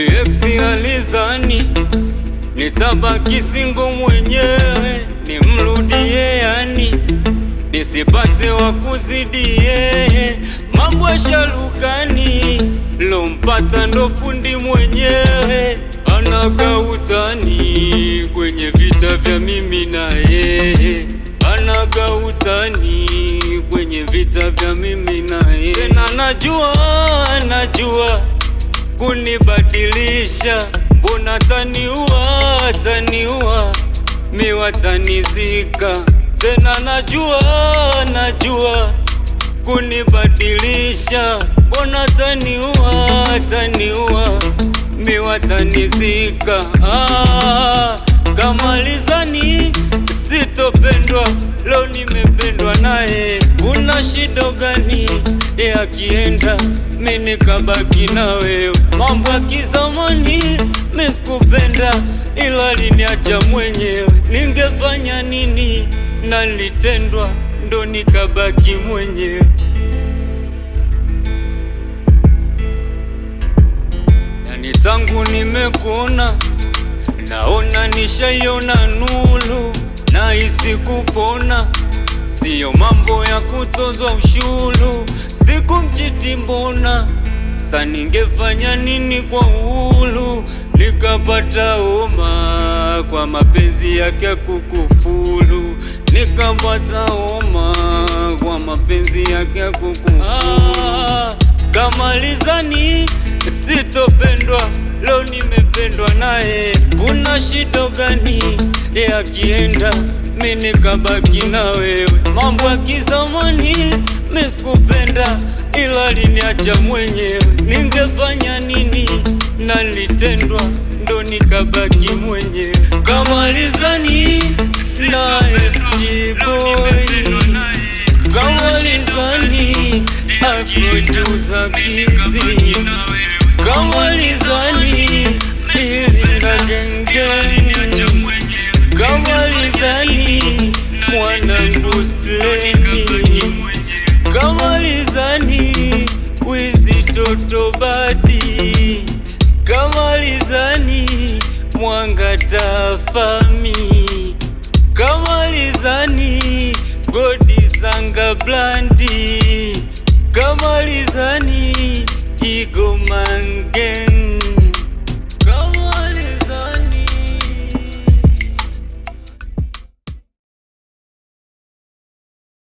Vieksi alizani nitabaki singo mwenyewe, nimrudie yani nisipate wa kuzidie, mambo ya shalukani lompata ndo fundi mwenyewe, anagautani kwenye vita vya mimi na yeye, anagautani kwenye vita vya mimi na yeye, tena najua najua kunibadilisha, mbona taniua, taniua, miwa tanizika tena. Najua, najua kunibadilisha, mbona taniua, taniua, miwa tanizika. Ah, kamalizani sitopendwa, leo nimependwa naye, kuna shida gani? de akienda mimi nikabaki na wewe. Mambo ya kizamani mimi ila aliniacha mwenyewe. Ningefanya nini? nalitendwa ndo nikabaki mwenyewe. Yani tangu nimekuona, naona nishaiona nulu, na isikupona, kupona, siyo mambo ya kutozwa ushuru Sikumchiti mbona, sa ningefanya nini kwa uhuru, nikapata oma kwa mapenzi yake kukufuru, nikapata oma kwa mapenzi yake kukufuru. kamalizani sitopendwa Leo nimependwa naye, kuna shido gani? yakienda mi nikabaki na wewe, mambo ya kizamani Nisikupenda ila liniacha mwenyewe, ningefanya nini? Nalitendwa ndo nikabaki mwenyewe kama Lizani na FG Boy, kama Lizani akojuza kizi, kama Lizani na gengeni, kama Lizani mwana Bruce Lee Kamalizani wizi toto badi, Kamalizani mwanga tafami, Kamalizani godi sanga blandi